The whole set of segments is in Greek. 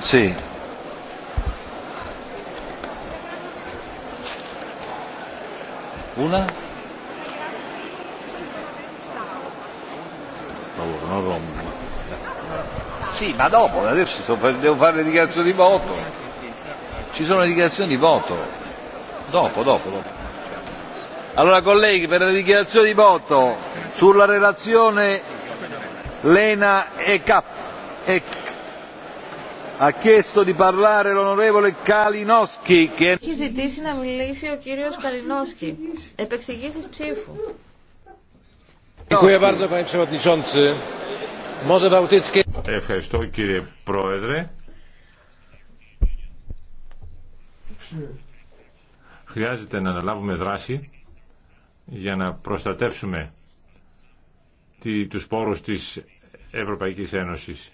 Sì. Una? Sì, ma dopo, adesso devo fare le dichiarazioni di voto. Ci sono le dichiarazioni di voto. Dopo, dopo, dopo. Allora, colleghi, per le dichiarazioni di voto sulla relazione Lena e Cap. E έχει ζητήσει να μιλήσει ο κύριος Καλινόσκι. Επεξηγήσεις ψήφου. Ευχαριστώ κύριε Πρόεδρε. Χρειάζεται να αναλάβουμε δράση για να προστατεύσουμε τους πόρους της Ευρωπαϊκής Ένωσης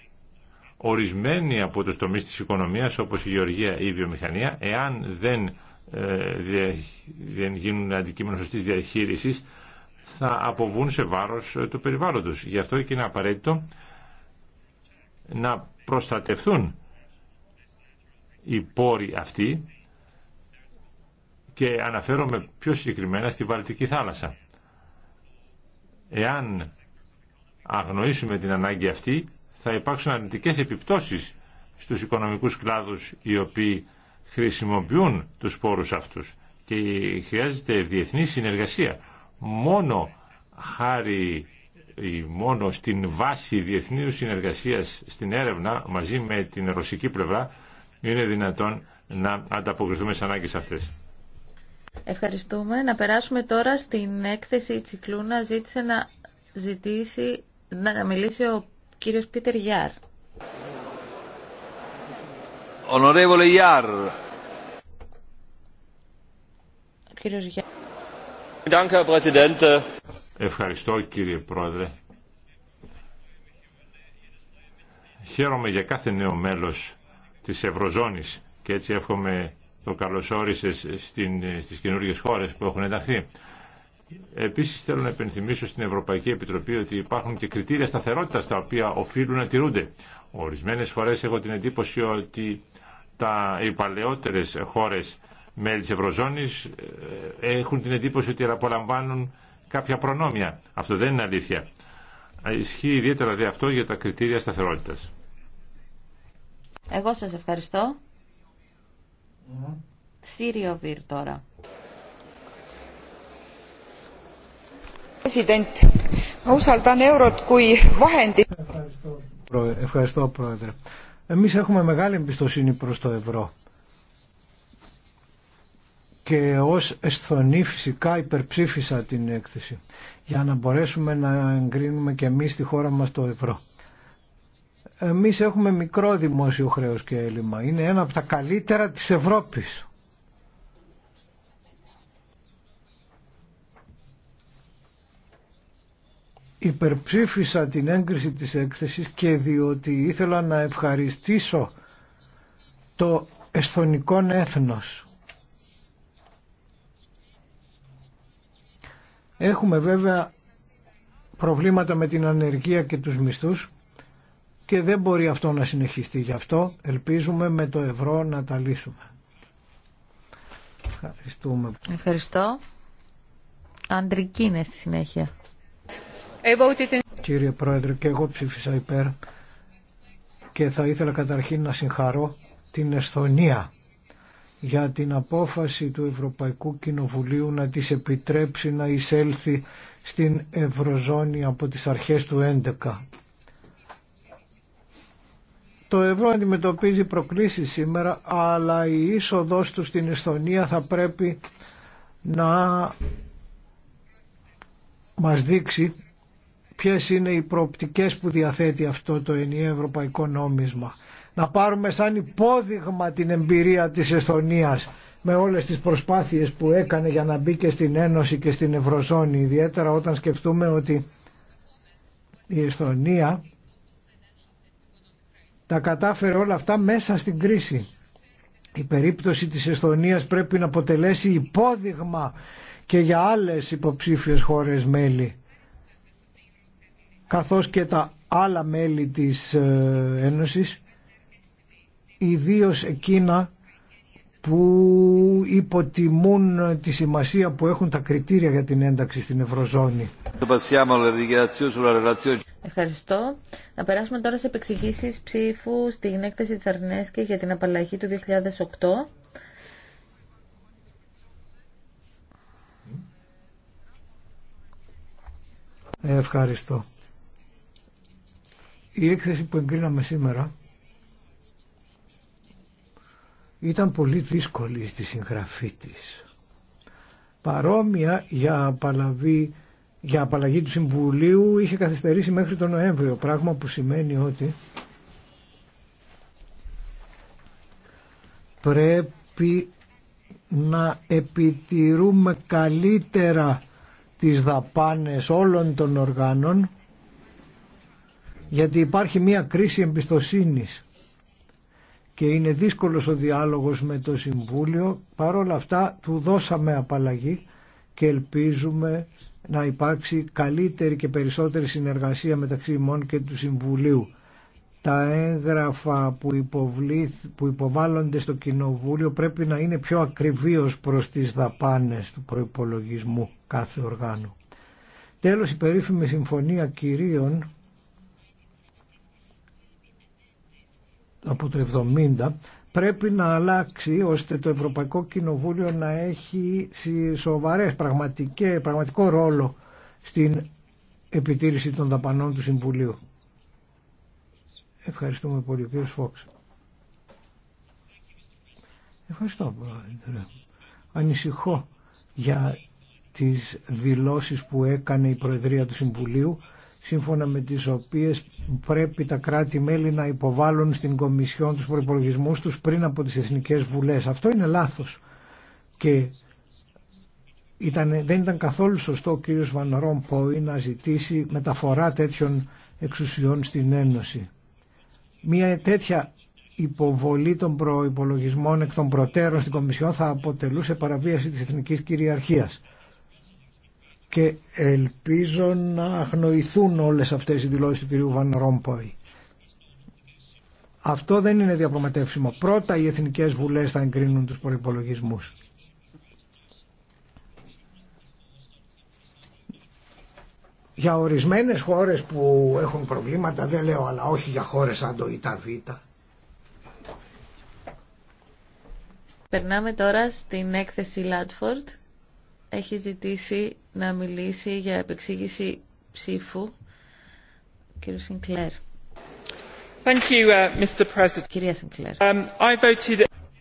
ορισμένοι από τους τομείς της οικονομίας όπως η γεωργία ή η βιομηχανία εάν δεν, ε, δεν γίνουν αντικείμενο σωστής διαχείρισης θα αποβούν σε βάρος ε, του περιβάλλοντος. Γι' αυτό και είναι απαραίτητο να προστατευθούν οι πόροι αυτοί και αναφέρομαι πιο συγκεκριμένα στη Βαλτική θάλασσα. Εάν αγνοήσουμε την ανάγκη αυτή, θα υπάρξουν αρνητικές επιπτώσεις στους οικονομικούς κλάδους οι οποίοι χρησιμοποιούν τους πόρους αυτούς και χρειάζεται διεθνή συνεργασία. Μόνο χάρη μόνο στην βάση διεθνίου συνεργασίας στην έρευνα μαζί με την ρωσική πλευρά είναι δυνατόν να ανταποκριθούμε στι ανάγκες αυτές. Ευχαριστούμε. Να περάσουμε τώρα στην έκθεση Τσικλούνα ζήτησε να ζητήσει να μιλήσει ο κύριος Πίτερ Γιάρ. Κύριος Γιάρ. Ευχαριστώ κύριε Πρόεδρε. Χαίρομαι για κάθε νέο μέλος της Ευρωζώνης και έτσι εύχομαι το καλωσόρισες στην, στις καινούργιες χώρες που έχουν ενταχθεί. Επίσης θέλω να επενθυμίσω στην Ευρωπαϊκή Επιτροπή ότι υπάρχουν και κριτήρια σταθερότητας τα οποία οφείλουν να τηρούνται. Ορισμένες φορές έχω την εντύπωση ότι τα, οι παλαιότερες χώρες μέλη της Ευρωζώνης ε, έχουν την εντύπωση ότι απολαμβάνουν κάποια προνόμια. Αυτό δεν είναι αλήθεια. Ισχύει ιδιαίτερα δηλαδή, αυτό για τα κριτήρια σταθερότητας. Εγώ σας ευχαριστώ. Σύριο Βίρ τώρα. Ευχαριστώ πρόεδρε. Εμείς έχουμε μεγάλη εμπιστοσύνη προς το ευρώ και ως εσθονή φυσικά υπερψήφισα την έκθεση για να μπορέσουμε να εγκρίνουμε και εμείς στη χώρα μας το ευρώ. Εμείς έχουμε μικρό δημόσιο χρέος και έλλειμμα. Είναι ένα από τα καλύτερα της Ευρώπης. υπερψήφισα την έγκριση της έκθεσης και διότι ήθελα να ευχαριστήσω το εσθονικό έθνος. Έχουμε βέβαια προβλήματα με την ανεργία και τους μισθούς και δεν μπορεί αυτό να συνεχιστεί. Γι' αυτό ελπίζουμε με το ευρώ να τα λύσουμε. Ευχαριστούμε. Ευχαριστώ. Αντρική στη συνέχεια. Κύριε Πρόεδρε, και εγώ ψήφισα υπέρ και θα ήθελα καταρχήν να συγχαρώ την Εσθονία για την απόφαση του Ευρωπαϊκού Κοινοβουλίου να της επιτρέψει να εισέλθει στην Ευρωζώνη από τις αρχές του 2011. Το ευρώ αντιμετωπίζει προκλήσεις σήμερα, αλλά η είσοδός του στην Εσθονία θα πρέπει να μας δείξει ποιες είναι οι προοπτικές που διαθέτει αυτό το ενιαίο ευρωπαϊκό νόμισμα. Να πάρουμε σαν υπόδειγμα την εμπειρία της Εσθονίας με όλες τις προσπάθειες που έκανε για να μπει και στην Ένωση και στην Ευρωζώνη, ιδιαίτερα όταν σκεφτούμε ότι η Εσθονία τα κατάφερε όλα αυτά μέσα στην κρίση. Η περίπτωση της Εσθονίας πρέπει να αποτελέσει υπόδειγμα και για άλλες υποψήφιες χώρες μέλη καθώς και τα άλλα μέλη της ε, Ένωσης, ιδίως εκείνα που υποτιμούν τη σημασία που έχουν τα κριτήρια για την ένταξη στην Ευρωζώνη. Ευχαριστώ. Να περάσουμε τώρα σε επεξηγήσει ψήφου στην έκθεση της Αρνέσκη για την απαλλαγή του 2008. Ευχαριστώ. Η έκθεση που εγκρίναμε σήμερα ήταν πολύ δύσκολη στη συγγραφή της. Παρόμοια για απαλλαγή, για του Συμβουλίου είχε καθυστερήσει μέχρι τον Νοέμβριο, πράγμα που σημαίνει ότι πρέπει να επιτηρούμε καλύτερα τις δαπάνες όλων των οργάνων γιατί υπάρχει μια κρίση εμπιστοσύνης και είναι δύσκολος ο διάλογος με το Συμβούλιο. Παρόλα αυτά του δώσαμε απαλλαγή και ελπίζουμε να υπάρξει καλύτερη και περισσότερη συνεργασία μεταξύ ημών και του Συμβουλίου. Τα έγγραφα που, υποβλήθ, που υποβάλλονται στο Κοινοβούλιο πρέπει να είναι πιο ακριβίως προς τις δαπάνες του προϋπολογισμού κάθε οργάνου. Τέλος, η περίφημη Συμφωνία Κυρίων από το 70 πρέπει να αλλάξει ώστε το Ευρωπαϊκό Κοινοβούλιο να έχει σοβαρές πραγματικό ρόλο στην επιτήρηση των δαπανών του Συμβουλίου. Ευχαριστούμε πολύ, κύριος Φόξ. Ευχαριστώ, Πρόεδρε. Ανησυχώ για τις δηλώσεις που έκανε η Προεδρία του Συμβουλίου σύμφωνα με τις οποίες πρέπει τα κράτη-μέλη να υποβάλουν στην Κομισιόν τους προϋπολογισμούς τους πριν από τις Εθνικές Βουλές. Αυτό είναι λάθος και ήταν, δεν ήταν καθόλου σωστό ο κύριος Βαν Ρομπόη να ζητήσει μεταφορά τέτοιων εξουσιών στην Ένωση. Μια τέτοια υποβολή των προϋπολογισμών εκ των προτέρων στην Κομισιόν θα αποτελούσε παραβίαση της εθνικής κυριαρχίας και ελπίζω να αγνοηθούν όλες αυτές οι δηλώσεις του κυρίου Βαν Ρόμποϊ. Αυτό δεν είναι διαπραγματεύσιμο. Πρώτα οι εθνικές βουλές θα εγκρίνουν τους προϋπολογισμούς. Για ορισμένες χώρες που έχουν προβλήματα, δεν λέω, αλλά όχι για χώρες σαν το ΙΤΑΒ. Περνάμε τώρα στην έκθεση Λάτφορντ έχει ζητήσει να μιλήσει για επεξήγηση ψήφου. Κύριο Σινκλέρ. Uh, Κυρία um,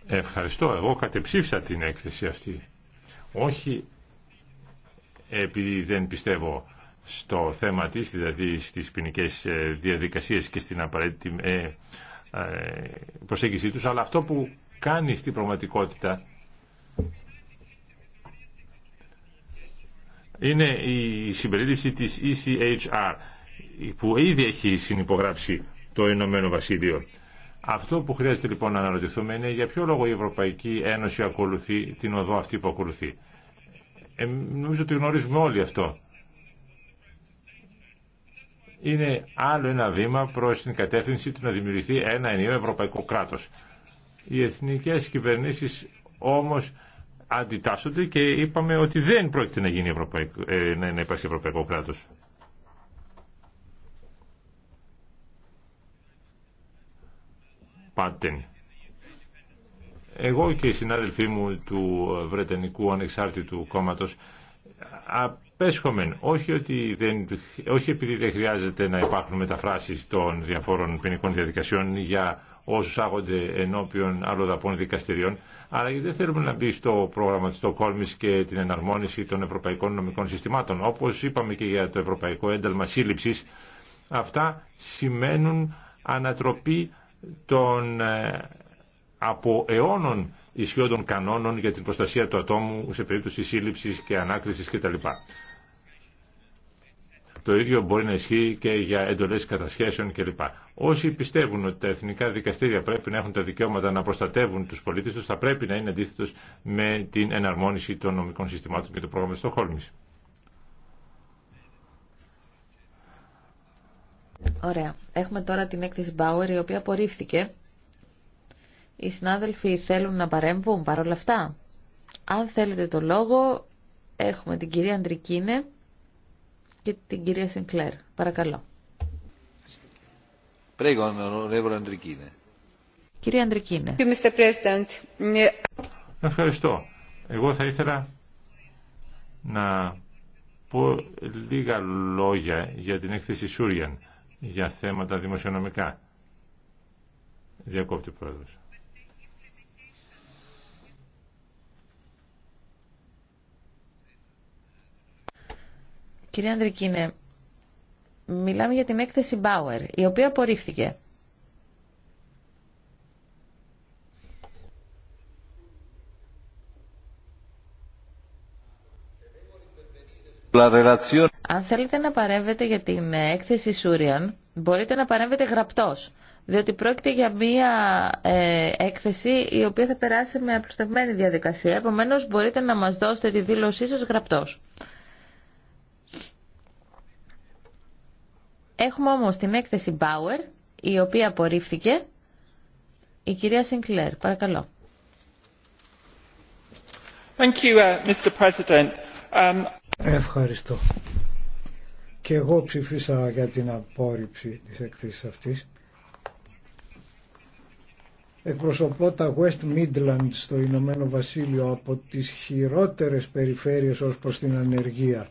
Ευχαριστώ. Εγώ κατεψήφισα την έκθεση αυτή. Όχι επειδή δεν πιστεύω στο θέμα της, δηλαδή στις ποινικέ ε, διαδικασίες και στην απαραίτητη ε, ε, προσέγγιση τους, αλλά αυτό που κάνει στην πραγματικότητα είναι η συμπερίληψη της ECHR που ήδη έχει συνυπογράψει το Ηνωμένο Βασίλειο. Αυτό που χρειάζεται λοιπόν να αναρωτηθούμε είναι για ποιο λόγο η Ευρωπαϊκή Ένωση ακολουθεί την οδό αυτή που ακολουθεί. Ε, νομίζω ότι γνωρίζουμε όλοι αυτό. Είναι άλλο ένα βήμα προς την κατεύθυνση του να δημιουργηθεί ένα ενιαίο ευρωπαϊκό κράτος. Οι εθνικές κυβερνήσεις όμως αντιτάσσονται και είπαμε ότι δεν πρόκειται να, γίνει ευρωπαϊκό, ε, να υπάρξει ευρωπαϊκό κράτος. Εγώ και οι συνάδελφοί μου του Βρετανικού Ανεξάρτητου Κόμματος απέσχομαι, όχι, ότι δεν, όχι επειδή δεν χρειάζεται να υπάρχουν μεταφράσεις των διαφόρων ποινικών διαδικασιών για όσου άγονται ενώπιον αλλοδαπών δικαστηριών, αλλά δεν θέλουμε να μπει στο πρόγραμμα τη Στοκόλμη και την εναρμόνιση των ευρωπαϊκών νομικών συστημάτων. Όπως είπαμε και για το Ευρωπαϊκό Ένταλμα Σύλληψη, αυτά σημαίνουν ανατροπή των ε, από αιώνων ισχυόντων κανόνων για την προστασία του ατόμου σε περίπτωση σύλληψη και ανάκριση κτλ. Το ίδιο μπορεί να ισχύει και για εντολέ κατασχέσεων κλπ. Όσοι πιστεύουν ότι τα εθνικά δικαστήρια πρέπει να έχουν τα δικαιώματα να προστατεύουν του πολίτε του θα πρέπει να είναι αντίθετο με την εναρμόνιση των νομικών συστημάτων και του πρόγραμμα Στοχόλμη. Ωραία. Έχουμε τώρα την έκθεση Μπάουερ η οποία απορρίφθηκε. Οι συνάδελφοι θέλουν να παρέμβουν παρόλα αυτά. Αν θέλετε το λόγο, έχουμε την κυρία Αντρικίνε και την κυρία Σενκλέρ. Παρακαλώ. Κυρία Αντρικίνε. Ευχαριστώ. Εγώ θα ήθελα να πω λίγα λόγια για την έκθεση Σούριαν για θέματα δημοσιονομικά. ο πρόεδρος. Κύριε Ανδρικίνε, μιλάμε για την έκθεση Bauer, η οποία απορρίφθηκε. Αν θέλετε να παρέμβετε για την έκθεση Σούριαν, μπορείτε να παρέμβετε γραπτός, διότι πρόκειται για μία ε, έκθεση η οποία θα περάσει με απλουστευμένη διαδικασία, επομένως μπορείτε να μας δώσετε τη δήλωσή σας γραπτός. Έχουμε όμως την έκθεση Bauer, η οποία απορρίφθηκε. Η κυρία Σινκλέρ, παρακαλώ. Thank uh, um, Ευχαριστώ. Και εγώ ψηφίσα για την απόρριψη της έκθεσης αυτής. Εκπροσωπώ τα West Midlands στο Ηνωμένο Βασίλειο από τις χειρότερες περιφέρειες ως προς την ανεργία.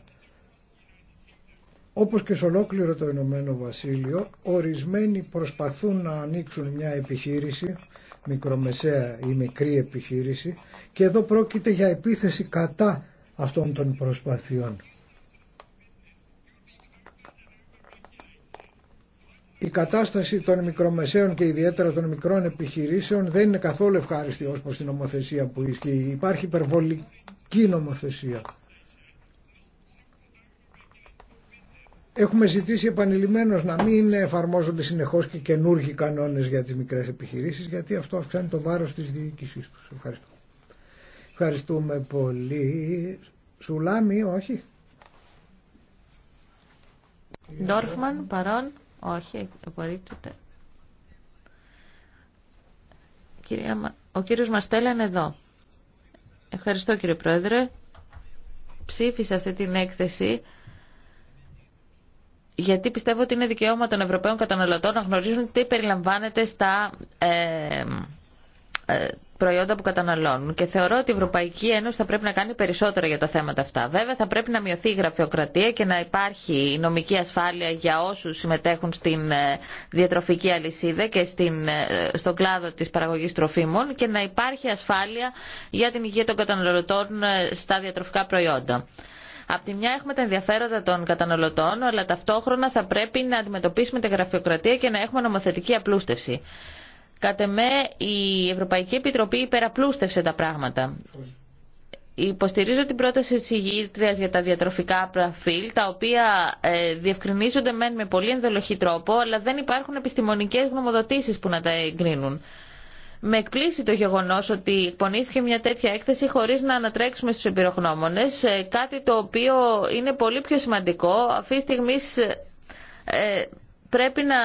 Όπως και σε ολόκληρο το Ηνωμένο Βασίλειο, ορισμένοι προσπαθούν να ανοίξουν μια επιχείρηση, μικρομεσαία ή μικρή επιχείρηση, και εδώ πρόκειται για επίθεση κατά αυτών των προσπαθειών. Η κατάσταση των μικρομεσαίων και ιδιαίτερα των μικρών επιχειρήσεων δεν είναι καθόλου ευχάριστη ως προς την νομοθεσία που ισχύει. Υπάρχει υπερβολική νομοθεσία. Έχουμε ζητήσει επανειλημμένως να μην εφαρμόζονται συνεχώς και καινούργιοι κανόνες για τις μικρές επιχειρήσεις γιατί αυτό αυξάνει το βάρος της διοίκησής τους. Ευχαριστώ. Ευχαριστούμε πολύ. Σουλάμι, όχι. Ντόρφμαν, παρόν, όχι, απορρίπτεται. Ο κύριος Μαστέλα είναι εδώ. Ευχαριστώ κύριε Πρόεδρε. Ψήφισα αυτή την έκθεση γιατί πιστεύω ότι είναι δικαίωμα των Ευρωπαίων καταναλωτών να γνωρίζουν τι περιλαμβάνεται στα ε, ε προϊόντα που καταναλώνουν. Και θεωρώ ότι η Ευρωπαϊκή Ένωση θα πρέπει να κάνει περισσότερο για τα θέματα αυτά. Βέβαια, θα πρέπει να μειωθεί η γραφειοκρατία και να υπάρχει νομική ασφάλεια για όσους συμμετέχουν στην ε, διατροφική αλυσίδα και στην, ε, στον κλάδο της παραγωγής τροφίμων και να υπάρχει ασφάλεια για την υγεία των καταναλωτών στα διατροφικά προϊόντα. Απ' τη μια έχουμε τα ενδιαφέροντα των καταναλωτών, αλλά ταυτόχρονα θα πρέπει να αντιμετωπίσουμε τη γραφειοκρατία και να έχουμε νομοθετική απλούστευση. Κατ' εμέ, η Ευρωπαϊκή Επιτροπή υπεραπλούστευσε τα πράγματα. Υποστηρίζω την πρόταση τη ηγήτρια για τα διατροφικά προφίλ, τα οποία ε, διευκρινίζονται μεν με πολύ ενδολοχή τρόπο, αλλά δεν υπάρχουν επιστημονικέ γνωμοδοτήσει που να τα εγκρίνουν. Με εκπλήσει το γεγονός ότι εκπονήθηκε μια τέτοια έκθεση χωρίς να ανατρέξουμε στους εμπειρογνώμονε ε, κάτι το οποίο είναι πολύ πιο σημαντικό. Αυτή τη στιγμή ε, πρέπει να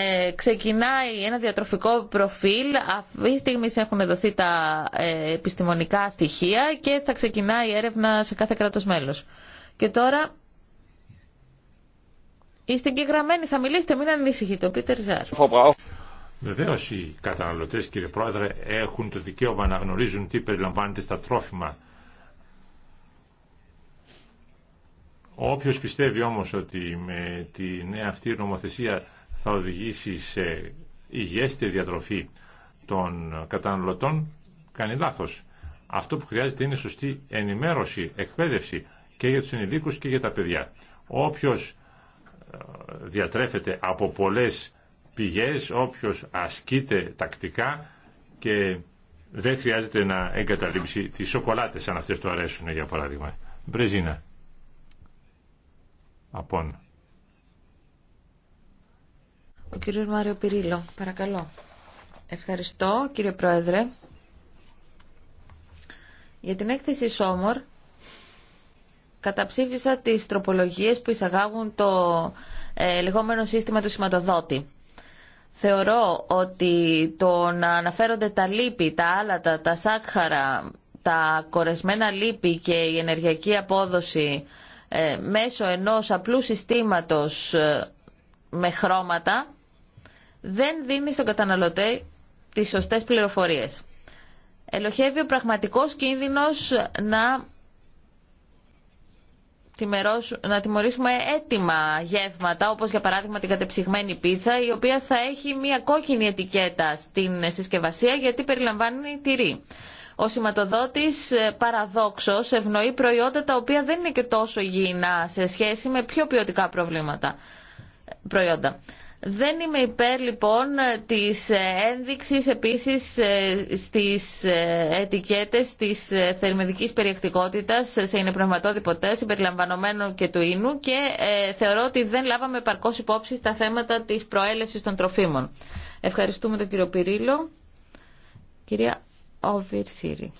ε, ξεκινάει ένα διατροφικό προφίλ. Αυτή τη στιγμή έχουν δοθεί τα επιστημονικά στοιχεία και θα ξεκινάει η έρευνα σε κάθε κράτος μέλος. Και τώρα είστε εγγεγραμμένοι, θα μιλήσετε, μην ανησυχείτε, ο Πίτερ Ζάρ. Βεβαίω οι καταναλωτέ, κύριε Πρόεδρε, έχουν το δικαίωμα να γνωρίζουν τι περιλαμβάνεται στα τρόφιμα. Όποιο πιστεύει όμω ότι με τη νέα αυτή νομοθεσία θα οδηγήσει σε υγιέστερη διατροφή των καταναλωτών, κάνει λάθο. Αυτό που χρειάζεται είναι σωστή ενημέρωση, εκπαίδευση και για τους ενηλίκου και για τα παιδιά. Όποιο ε, διατρέφεται από πολλές πηγές, όποιος ασκείται τακτικά και δεν χρειάζεται να εγκαταλείψει τις σοκολάτες αν αυτές του αρέσουν για παράδειγμα. Μπρεζίνα. Απόν. Ο κύριος Μάριο Πυρίλο, παρακαλώ. Ευχαριστώ κύριε Πρόεδρε. Για την έκθεση Σόμορ καταψήφισα τις τροπολογίες που εισαγάγουν το ε, λεγόμενο σύστημα του σηματοδότη. Θεωρώ ότι το να αναφέρονται τα λίπη, τα άλατα, τα σάκχαρα, τα κορεσμένα λίπη και η ενεργειακή απόδοση ε, μέσω ενός απλού συστήματος ε, με χρώματα δεν δίνει στον καταναλωτή τις σωστές πληροφορίες. Ελοχεύει ο πραγματικός κίνδυνος να να τιμωρήσουμε έτοιμα γεύματα, όπως για παράδειγμα την κατεψυγμένη πίτσα, η οποία θα έχει μια κόκκινη ετικέτα στην συσκευασία γιατί περιλαμβάνει τυρί. Ο σηματοδότης ε, παραδόξως ευνοεί προϊόντα τα οποία δεν είναι και τόσο υγιεινά σε σχέση με πιο ποιοτικά προβλήματα, προϊόντα. Δεν είμαι υπέρ λοιπόν της ένδειξης επίσης ε, στις ε, ετικέτες της ε, θερμιδικής περιεκτικότητας σε είναι ποτέ, συμπεριλαμβανομένου και του ίνου και θεωρώ ότι δεν λάβαμε παρκώς υπόψη στα θέματα της προέλευσης των τροφίμων. Ευχαριστούμε τον κύριο Πυρίλο. Κυρία Όβιρ Σύρη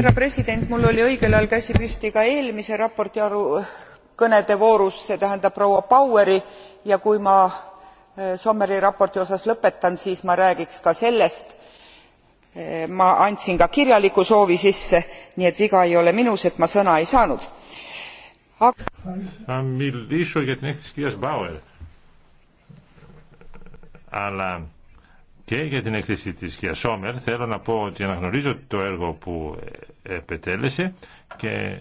härra president mul oli õigel ajal käsi püsti ka eelmise raporti kõnede voorus see tähendab proua baueri ja kui ma sommeri raporti osas lõpetan siis ma räägiks ka sellest ma andsin ka kirjaliku soovi sisse nii et viga ei ole minus et ma sõna ei saanud. Και για την έκθεση της Κιασόμερ Σόμερ θέλω να πω ότι αναγνωρίζω το έργο που επετέλεσε και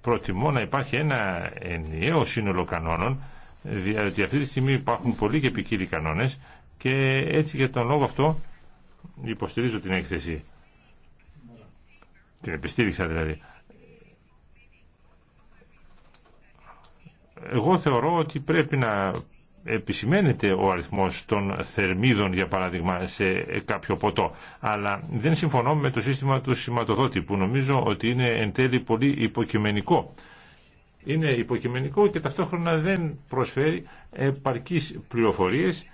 προτιμώ να υπάρχει ένα ενιαίο σύνολο κανόνων διότι αυτή τη στιγμή υπάρχουν πολλοί και ποικίλοι κανόνες και έτσι για τον λόγο αυτό υποστηρίζω την έκθεση. Την επιστήριξα δηλαδή. Εγώ θεωρώ ότι πρέπει να επισημαίνεται ο αριθμός των θερμίδων για παράδειγμα σε κάποιο ποτό αλλά δεν συμφωνώ με το σύστημα του σηματοδότη που νομίζω ότι είναι εν τέλει πολύ υποκειμενικό είναι υποκειμενικό και ταυτόχρονα δεν προσφέρει επαρκείς πληροφορίες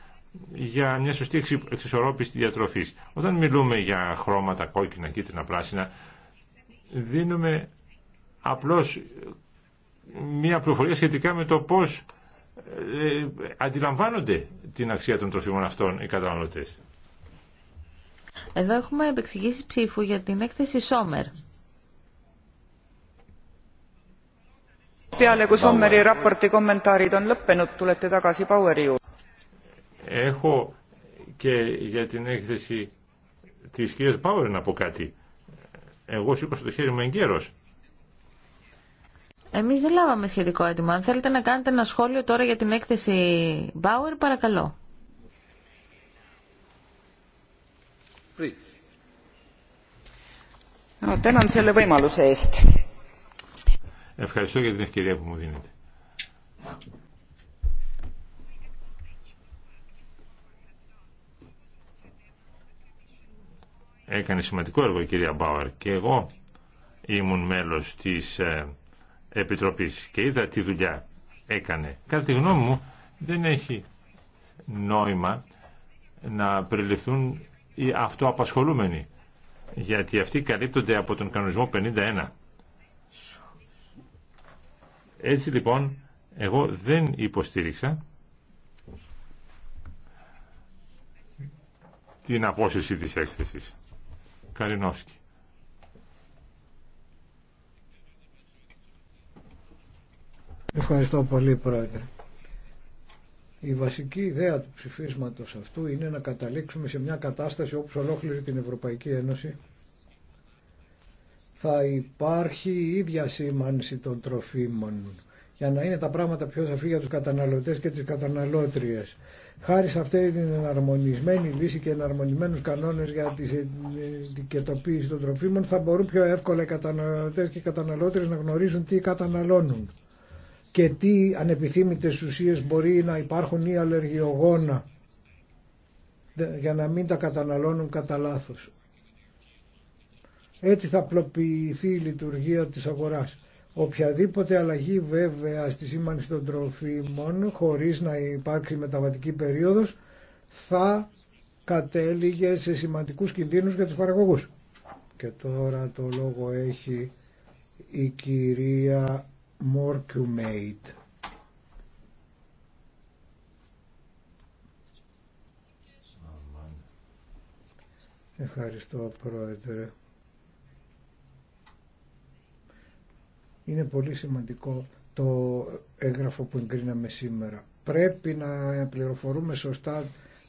για μια σωστή εξισορρόπηση διατροφής όταν μιλούμε για χρώματα κόκκινα, κίτρινα, πράσινα δίνουμε απλώς μια πληροφορία σχετικά με το πώς ε, αντιλαμβάνονται την αξία των τροφίμων αυτών οι καταναλωτές. Εδώ έχουμε επεξηγήσει ψήφου για την έκθεση Σόμερ. Έχω και για την έκθεση της κυρίας Πάουερ να πω κάτι. Εγώ σήκωσα το χέρι μου εγκαίρος εμείς δεν λάβαμε σχετικό έτοιμο. Αν θέλετε να κάνετε ένα σχόλιο τώρα για την έκθεση Bauer, παρακαλώ. Ευχαριστώ για την ευκαιρία που μου δίνετε. Έκανε σημαντικό έργο η κυρία Μπάουερ και εγώ ήμουν μέλος της ε, Επιτροπής και είδα τι δουλειά έκανε. Κατά τη γνώμη μου δεν έχει νόημα να περιληφθούν οι αυτοαπασχολούμενοι γιατί αυτοί καλύπτονται από τον κανονισμό 51. Έτσι λοιπόν εγώ δεν υποστήριξα την απόσυρση της έκθεσης. Καρινόφσκι. Ευχαριστώ πολύ Πρόεδρε. Η βασική ιδέα του ψηφίσματος αυτού είναι να καταλήξουμε σε μια κατάσταση όπως ολόκληρη την Ευρωπαϊκή Ένωση θα υπάρχει η ίδια σήμανση των τροφίμων για να είναι τα πράγματα πιο σαφή για τους καταναλωτές και τις καταναλώτριες. Χάρη σε αυτή την εναρμονισμένη λύση και εναρμονισμένους κανόνες για την ετικετοποίηση των τροφίμων θα μπορούν πιο εύκολα οι καταναλωτές και οι καταναλώτριες να γνωρίζουν τι καταναλώνουν και τι ανεπιθύμητες ουσίες μπορεί να υπάρχουν ή αλλεργιογόνα για να μην τα καταναλώνουν κατά λάθο. Έτσι θα απλοποιηθεί η λειτουργία της αγοράς. Οποιαδήποτε αλλαγή βέβαια στη σήμανση των τροφίμων χωρίς να υπάρξει μεταβατική περίοδος θα κατέληγε σε σημαντικούς κινδύνους για τους παραγωγούς. Και τώρα το λόγο έχει η κυρία Ευχαριστώ Πρόεδρε. Είναι πολύ σημαντικό το έγγραφο που εγκρίναμε σήμερα. Πρέπει να πληροφορούμε σωστά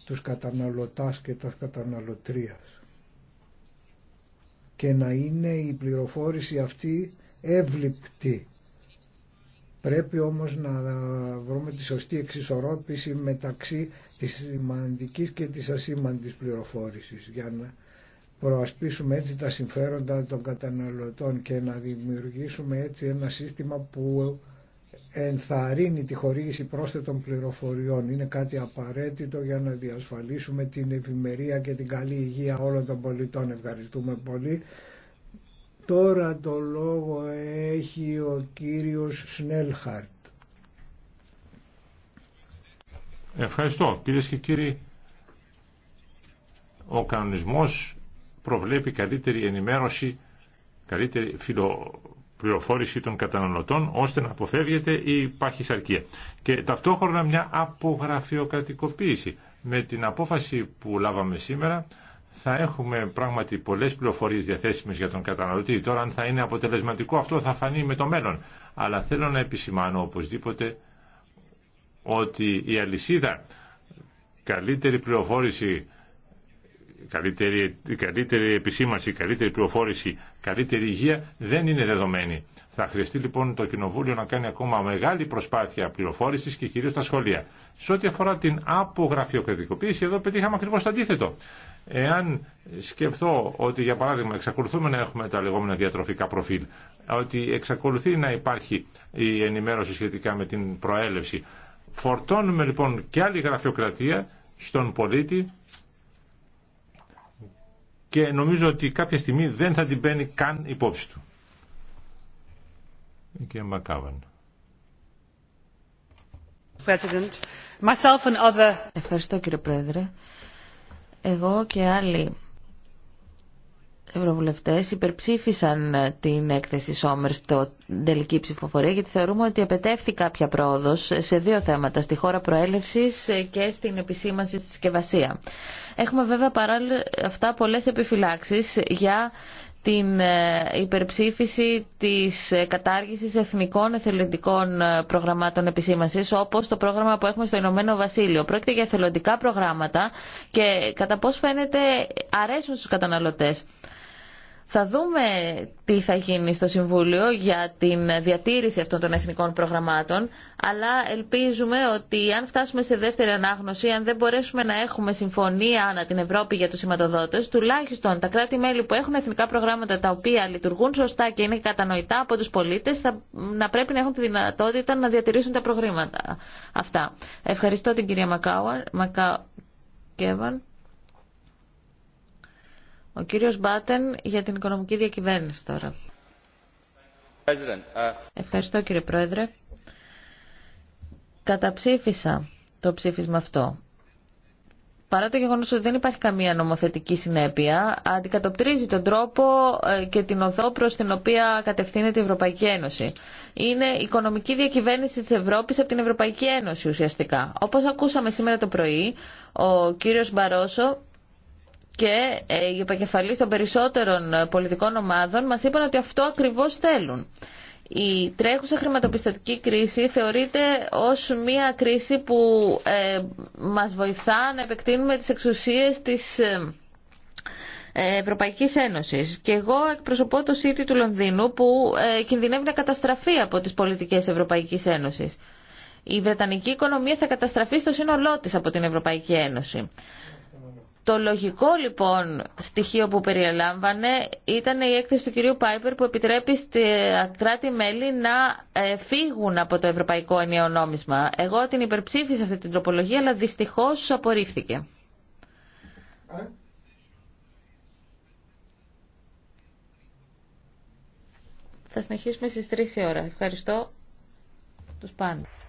τους καταναλωτάς και τα καταναλωτρίας. Και να είναι η πληροφόρηση αυτή εύληπτη Πρέπει όμως να βρούμε τη σωστή εξισορρόπηση μεταξύ της σημαντικής και της ασήμαντης πληροφόρησης για να προασπίσουμε έτσι τα συμφέροντα των καταναλωτών και να δημιουργήσουμε έτσι ένα σύστημα που ενθαρρύνει τη χορήγηση πρόσθετων πληροφοριών. Είναι κάτι απαραίτητο για να διασφαλίσουμε την ευημερία και την καλή υγεία όλων των πολιτών. Ευχαριστούμε πολύ. Τώρα το λόγο έχει ο κύριος Σνέλχαρτ. Ευχαριστώ κύριε και κύριοι. Ο κανονισμός προβλέπει καλύτερη ενημέρωση, καλύτερη φιλοπληροφόρηση των καταναλωτών ώστε να αποφεύγεται η παχυσαρκία. Και ταυτόχρονα μια απογραφειοκρατικοποίηση. Με την απόφαση που λάβαμε σήμερα θα έχουμε πράγματι πολλές πληροφορίες διαθέσιμες για τον καταναλωτή. Τώρα αν θα είναι αποτελεσματικό αυτό θα φανεί με το μέλλον. Αλλά θέλω να επισημάνω οπωσδήποτε ότι η αλυσίδα καλύτερη πληροφόρηση, καλύτερη, καλύτερη επισήμαση, καλύτερη πληροφόρηση, καλύτερη υγεία δεν είναι δεδομένη. Θα χρειαστεί λοιπόν το Κοινοβούλιο να κάνει ακόμα μεγάλη προσπάθεια πληροφόρησης και κυρίως τα σχολεία. Σε ό,τι αφορά την απογραφειοκρατικοποίηση, εδώ πετύχαμε ακριβώ το αντίθετο. Εάν σκεφτώ ότι για παράδειγμα εξακολουθούμε να έχουμε τα λεγόμενα διατροφικά προφίλ, ότι εξακολουθεί να υπάρχει η ενημέρωση σχετικά με την προέλευση, φορτώνουμε λοιπόν και άλλη γραφειοκρατία στον πολίτη και νομίζω ότι κάποια στιγμή δεν θα την παίρνει καν υπόψη του. Ευχαριστώ κύριε Πρόεδρε. Εγώ και άλλοι ευρωβουλευτές υπερψήφισαν την έκθεση Σόμερ στο τελική ψηφοφορία γιατί θεωρούμε ότι επετεύχθη κάποια πρόοδος σε δύο θέματα, στη χώρα προέλευσης και στην επισήμανση στη συσκευασία. Έχουμε βέβαια παράλληλα αυτά πολλές επιφυλάξεις για την ε, υπερψήφιση της ε, κατάργησης εθνικών εθελοντικών ε, προγραμμάτων επισήμασης όπως το πρόγραμμα που έχουμε στο Ηνωμένο Βασίλειο. Πρόκειται για εθελοντικά προγράμματα και κατά πώς φαίνεται αρέσουν στους καταναλωτές. Θα δούμε τι θα γίνει στο Συμβούλιο για την διατήρηση αυτών των εθνικών προγραμμάτων, αλλά ελπίζουμε ότι αν φτάσουμε σε δεύτερη ανάγνωση, αν δεν μπορέσουμε να έχουμε συμφωνία ανά την Ευρώπη για τους σηματοδότες, τουλάχιστον τα κράτη-μέλη που έχουν εθνικά προγράμματα τα οποία λειτουργούν σωστά και είναι κατανοητά από τους πολίτες, θα, να πρέπει να έχουν τη δυνατότητα να διατηρήσουν τα προγράμματα αυτά. Ευχαριστώ την κυρία Μακάουα, Μακά... Ο κύριος Μπάτεν για την οικονομική διακυβέρνηση τώρα. Uh, Ευχαριστώ κύριε Πρόεδρε. Καταψήφισα το ψήφισμα αυτό. Παρά το γεγονός ότι δεν υπάρχει καμία νομοθετική συνέπεια, αντικατοπτρίζει τον τρόπο ε, και την οδό προς την οποία κατευθύνεται η Ευρωπαϊκή Ένωση. Είναι οικονομική διακυβέρνηση της Ευρώπης από την Ευρωπαϊκή Ένωση ουσιαστικά. Όπως ακούσαμε σήμερα το πρωί, ο κύριος Μπαρόσο και ε, οι επικεφαλείς των περισσότερων ε, πολιτικών ομάδων μας είπαν ότι αυτό ακριβώς θέλουν. Η τρέχουσα χρηματοπιστωτική κρίση θεωρείται ως μία κρίση που ε, μας βοηθά να επεκτείνουμε τις εξουσίες της Ευρωπαϊκής Ένωσης. Και εγώ εκπροσωπώ το City του Λονδίνου που κινδυνεύει να καταστραφεί από τις πολιτικές Ευρωπαϊκής Ένωσης. Η Βρετανική οικονομία θα καταστραφεί στο σύνολό της από την Ευρωπαϊκή Ένωση. Το λογικό λοιπόν στοιχείο που περιελάμβανε ήταν η έκθεση του κυρίου Πάιπερ που επιτρέπει στη κράτη-μέλη να ε, φύγουν από το Ευρωπαϊκό Ενιαίο Νόμισμα. Εγώ την υπερψήφισα αυτή την τροπολογία, αλλά δυστυχώς απορρίφθηκε. Θα συνεχίσουμε στις 3 η ώρα. Ευχαριστώ τους πάντες.